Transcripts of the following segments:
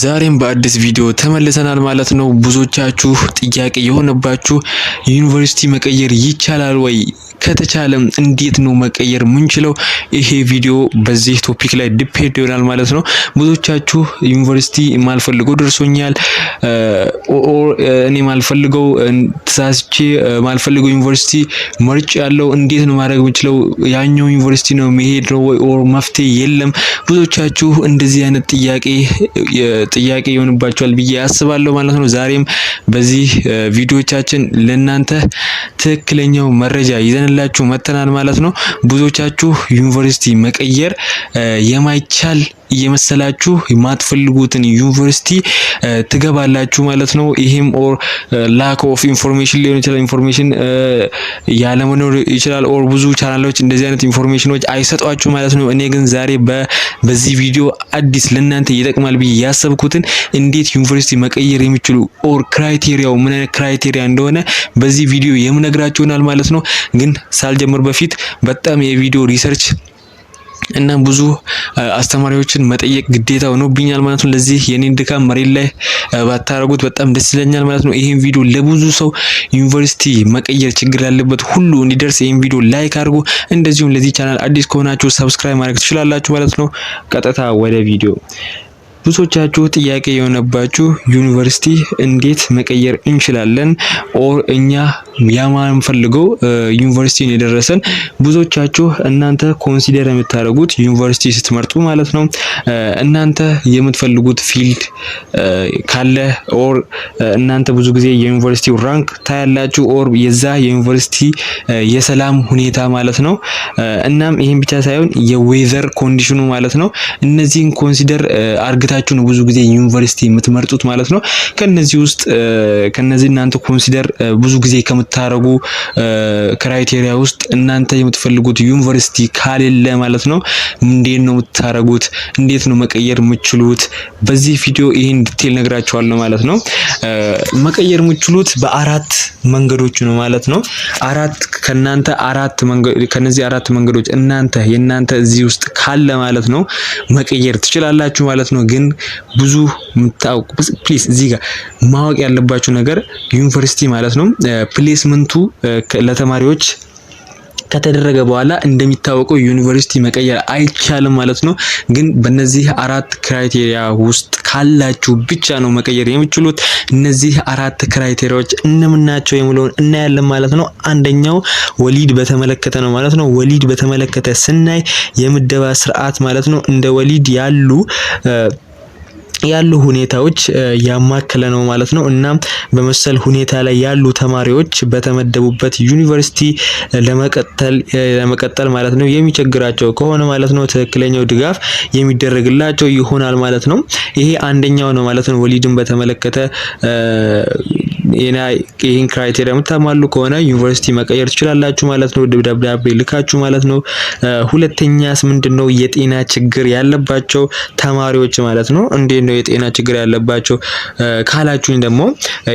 ዛሬም በአዲስ ቪዲዮ ተመልሰናል ማለት ነው። ብዙዎቻችሁ ጥያቄ የሆነባችሁ ዩኒቨርሲቲ መቀየር ይቻላል ወይ? ከተቻለም እንዴት ነው መቀየር ምንችለው? ይሄ ቪዲዮ በዚህ ቶፒክ ላይ ዲፔንድ ይሆናል ማለት ነው። ብዙዎቻችሁ ዩኒቨርሲቲ ማልፈልገው ደርሶኛል፣ እኔ ማልፈልገው ተሳስቼ ማልፈልገው ዩኒቨርሲቲ መርጭ ያለው እንዴት ነው ማድረግ ምችለው? ያኛው ዩኒቨርሲቲ ነው መሄድ ነው ወይ? ኦር መፍትሄ የለም? ብዙዎቻችሁ እንደዚህ አይነት ጥያቄ ጥያቄ ይሆንባቸዋል ብዬ አስባለሁ ማለት ነው። ዛሬም በዚህ ቪዲዮቻችን ለእናንተ ትክክለኛው መረጃ ይዘንላችሁ መተናል ማለት ነው። ብዙዎቻችሁ ዩኒቨርሲቲ መቀየር የማይቻል እየመሰላችሁ የማትፈልጉትን ዩኒቨርሲቲ ትገባላችሁ ማለት ነው። ይሄም ኦር ላክ ኦፍ ኢንፎርሜሽን ሊሆን ይችላል፣ ኢንፎርሜሽን ያለመኖር ይችላል። ኦር ብዙ ቻናሎች እንደዚህ አይነት ኢንፎርሜሽኖች አይሰጧችሁ ማለት ነው። እኔ ግን ዛሬ በዚህ ቪዲዮ አዲስ ለእናንተ ይጠቅማል ብዬ ያስባል ያሰብኩትን እንዴት ዩኒቨርሲቲ መቀየር የሚችሉ ኦር ክራይቴሪያው ምን አይነት ክራይቴሪያ እንደሆነ በዚህ ቪዲዮ የምነግራችሁናል ማለት ነው። ግን ሳልጀምር በፊት በጣም የቪዲዮ ሪሰርች እና ብዙ አስተማሪዎችን መጠየቅ ግዴታ ሆኖብኛል ማለት ነው። ለዚህ የኔን ድካም መሬት ላይ ባታረጉት በጣም ደስ ይለኛል ማለት ነው። ይህን ቪዲዮ ለብዙ ሰው ዩኒቨርሲቲ መቀየር ችግር ያለበት ሁሉ እንዲደርስ ይህን ቪዲዮ ላይክ አድርጉ። እንደዚሁም ለዚህ ቻናል አዲስ ከሆናችሁ ሰብስክራይብ ማድረግ ትችላላችሁ ማለት ነው። ቀጥታ ወደ ቪዲዮ ብዙዎቻችሁ ጥያቄ የሆነባችሁ ዩኒቨርሲቲ እንዴት መቀየር እንችላለን ኦር እኛ ያማን ፈልገው ዩኒቨርሲቲን የደረሰን ብዙዎቻችሁ እናንተ ኮንሲደር የምታደርጉት ዩኒቨርሲቲ ስትመርጡ ማለት ነው። እናንተ የምትፈልጉት ፊልድ ካለ ኦር እናንተ ብዙ ጊዜ የዩኒቨርሲቲ ራንክ ታያላችሁ ኦር የዛ የዩኒቨርሲቲ የሰላም ሁኔታ ማለት ነው። እናም ይህን ብቻ ሳይሆን የዌዘር ኮንዲሽኑ ማለት ነው። እነዚህን ኮንሲደር አርግታችሁ ነው ብዙ ጊዜ ዩኒቨርሲቲ የምትመርጡት ማለት ነው። ከነዚህ ውስጥ ከነዚህ እናንተ ኮንሲደር ብዙ ጊዜ የምታደርጉ ክራይቴሪያ ውስጥ እናንተ የምትፈልጉት ዩኒቨርሲቲ ካሌለ ማለት ነው እንዴት ነው የምታደርጉት? እንዴት ነው መቀየር የምችሉት? በዚህ ቪዲዮ ይህን ዲቴል ነግራችኋለሁ ማለት ነው። መቀየር የምችሉት በአራት መንገዶች ነው ማለት ነው። አራት ከናንተ አራት ከነዚህ አራት መንገዶች እናንተ የእናንተ እዚህ ውስጥ ካለ ማለት ነው መቀየር ትችላላችሁ ማለት ነው። ግን ብዙ ምታውቁ ፕሊዝ እዚህ ጋር ማወቅ ያለባችሁ ነገር ዩኒቨርሲቲ ማለት ነው ፕሌስመንቱ ለተማሪዎች ከተደረገ በኋላ እንደሚታወቀው ዩኒቨርሲቲ መቀየር አይቻልም ማለት ነው። ግን በእነዚህ አራት ክራይቴሪያ ውስጥ ካላችሁ ብቻ ነው መቀየር የሚችሉት። እነዚህ አራት ክራይቴሪያዎች እነምናቸው የሚለውን እናያለን ማለት ነው። አንደኛው ወሊድ በተመለከተ ነው ማለት ነው። ወሊድ በተመለከተ ስናይ የምደባ ስርዓት ማለት ነው እንደ ወሊድ ያሉ ያሉ ሁኔታዎች ያማከለ ነው ማለት ነው። እና በመሰል ሁኔታ ላይ ያሉ ተማሪዎች በተመደቡበት ዩኒቨርሲቲ ለመቀጠል ለመቀጠል ማለት ነው የሚቸግራቸው ከሆነ ማለት ነው ትክክለኛው ድጋፍ የሚደረግላቸው ይሆናል ማለት ነው። ይሄ አንደኛው ነው ማለት ነው ወሊድን በተመለከተ ይህን ክራይቴሪያ የምታሟሉ ከሆነ ዩኒቨርሲቲ መቀየር ትችላላችሁ ማለት ነው። ደብዳቤ ልካችሁ ማለት ነው። ሁለተኛስ ምንድን ነው የጤና ችግር ያለባቸው ተማሪዎች ማለት ነው። እንዴት ነው የጤና ችግር ያለባቸው ካላችሁኝ ደግሞ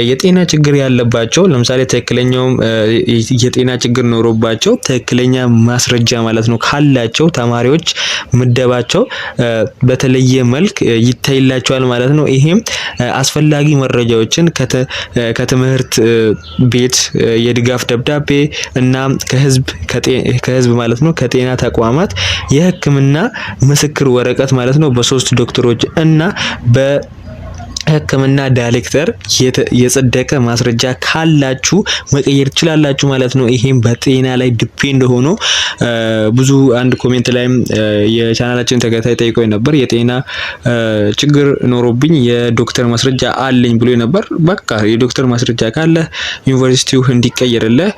የጤና ችግር ያለባቸው ለምሳሌ ትክክለኛውም የጤና ችግር ኖሮባቸው ትክክለኛ ማስረጃ ማለት ነው ካላቸው ተማሪዎች ምደባቸው በተለየ መልክ ይታይላቸዋል ማለት ነው። ይሄም አስፈላጊ መረጃዎችን ከትምህርት ቤት የድጋፍ ደብዳቤ እና ከህዝብ ማለት ነው ከጤና ተቋማት የህክምና ምስክር ወረቀት ማለት ነው በሶስት ዶክተሮች እና በ ህክምና ዳይሬክተር የጸደቀ ማስረጃ ካላችሁ መቀየር ትችላላችሁ ማለት ነው። ይሄም በጤና ላይ ዲፔንድ ሆኖ ብዙ አንድ ኮሜንት ላይም የቻናላችን ተከታይ ጠይቆ ነበር። የጤና ችግር ኖሮብኝ የዶክተር ማስረጃ አለኝ ብሎ ነበር። በቃ የዶክተር ማስረጃ ካለ ዩኒቨርሲቲው እንዲቀየርልህ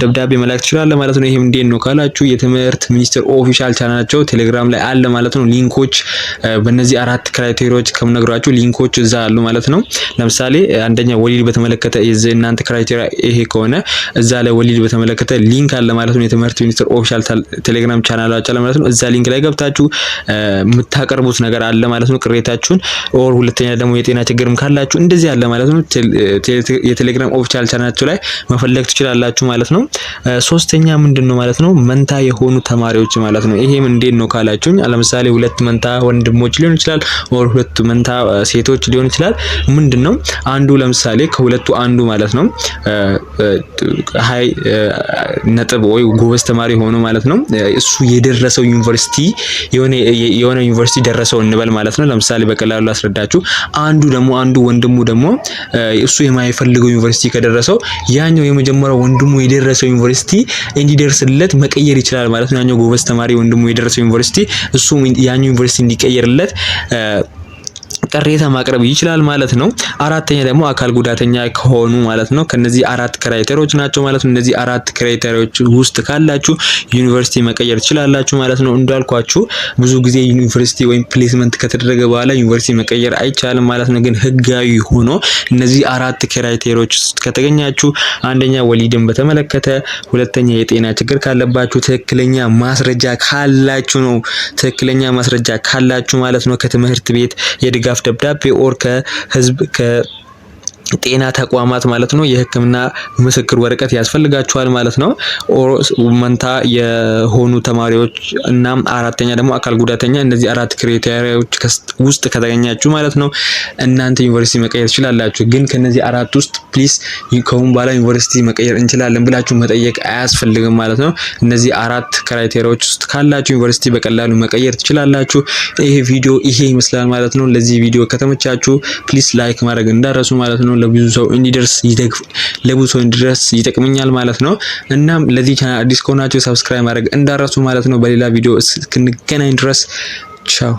ደብዳቤ መላክ ትችላለህ ማለት ነው። ይሄም እንዴት ነው ካላችሁ የትምህርት ሚኒስቴር ኦፊሻል ቻናላቸው ቴሌግራም ላይ አለ ማለት ነው። ሊንኮች በእነዚህ አራት ክራይቴሪያዎች ከምነግሯችሁ የሚያስገቧችሁ ሊንኮች እዛ አሉ ማለት ነው። ለምሳሌ አንደኛ ወሊድ በተመለከተ እናንተ ክራይቴሪያ ይሄ ከሆነ እዛ ላይ ወሊድ በተመለከተ ሊንክ አለ ማለት ነው። የትምህርት ሚኒስቴር ኦፊሻል ቴሌግራም ቻናል አለ ማለት ነው። እዛ ሊንክ ላይ ገብታችሁ የምታቀርቡት ነገር አለ ማለት ነው። ቅሬታችሁን ኦር ሁለተኛ ደግሞ የጤና ችግርም ካላችሁ እንደዚህ አለ ማለት ነው። የቴሌግራም ኦፊሻል ቻናላችሁ ላይ መፈለግ ትችላላችሁ ማለት ነው። ሶስተኛ ምንድን ነው ማለት ነው መንታ የሆኑ ተማሪዎች ማለት ነው። ይሄም እንዴት ነው ካላችሁኝ ለምሳሌ ሁለት መንታ ወንድሞች ሊሆን ይችላል ኦር ሁለት መንታ ሴቶች ሊሆን ይችላል። ምንድን ነው አንዱ ለምሳሌ ከሁለቱ አንዱ ማለት ነው ሀይ ነጥብ ወይ ጎበዝ ተማሪ ሆኖ ማለት ነው እሱ የደረሰው ዩኒቨርሲቲ የሆነ ዩኒቨርሲቲ ደረሰው እንበል ማለት ነው። ለምሳሌ በቀላሉ አስረዳችሁ አንዱ ደግሞ አንዱ ወንድሙ ደግሞ እሱ የማይፈልገው ዩኒቨርሲቲ ከደረሰው ያኛው የመጀመሪያው ወንድሙ የደረሰው ዩኒቨርሲቲ እንዲደርስለት መቀየር ይችላል ማለት ነው። ያኛው ጎበዝ ተማሪ ወንድሙ የደረሰው ዩኒቨርሲቲ እሱ ያኛው ዩኒቨርሲቲ እንዲቀየርለት ቅሬታ ማቅረብ ይችላል ማለት ነው። አራተኛ ደግሞ አካል ጉዳተኛ ከሆኑ ማለት ነው። ከነዚህ አራት ክራይቴሪያዎች ናቸው ማለት ነው። እነዚህ አራት ክራይቴሪያዎች ውስጥ ካላችሁ ዩኒቨርሲቲ መቀየር ትችላላችሁ ማለት ነው። እንዳልኳችሁ ብዙ ጊዜ ዩኒቨርሲቲ ወይም ፕሌስመንት ከተደረገ በኋላ ዩኒቨርሲቲ መቀየር አይቻልም ማለት ነው። ግን ህጋዊ ሆኖ እነዚህ አራት ክራይቴሪያዎች ውስጥ ከተገኛችሁ፣ አንደኛ ወሊድን በተመለከተ፣ ሁለተኛ የጤና ችግር ካለባችሁ፣ ትክክለኛ ማስረጃ ካላችሁ ነው። ትክክለኛ ማስረጃ ካላችሁ ማለት ነው ከትምህርት ቤት የድጋፍ ደብዳቤ ኦር ከህዝብ ጤና ተቋማት ማለት ነው የህክምና ምስክር ወረቀት ያስፈልጋቸዋል ማለት ነው። መንታ የሆኑ ተማሪዎች እና አራተኛ ደግሞ አካል ጉዳተኛ እነዚህ አራት ክሪቴሪያዎች ውስጥ ከተገኛችሁ ማለት ነው እናንተ ዩኒቨርሲቲ መቀየር ትችላላችሁ። ግን ከነዚህ አራት ውስጥ ፕሊስ ከሁን በኋላ ዩኒቨርሲቲ መቀየር እንችላለን ብላችሁ መጠየቅ አያስፈልግም ማለት ነው። እነዚህ አራት ክራይቴሪያዎች ውስጥ ካላችሁ ዩኒቨርሲቲ በቀላሉ መቀየር ትችላላችሁ። ይሄ ቪዲዮ ይሄ ይመስላል ማለት ነው። ለዚህ ቪዲዮ ከተመቻችሁ ፕሊስ ላይክ ማድረግ እንዳረሱ ማለት ነው። ለብዙ ሰው እንዲደርስ ለብዙ ሰው እንዲደርስ ይጠቅመኛል ማለት ነው። እናም ለዚህ ቻናል አዲስ ከሆናችሁ ሰብስክራይብ ማድረግ እንዳረሱ ማለት ነው። በሌላ ቪዲዮ እስክንገናኝ ድረስ ቻው።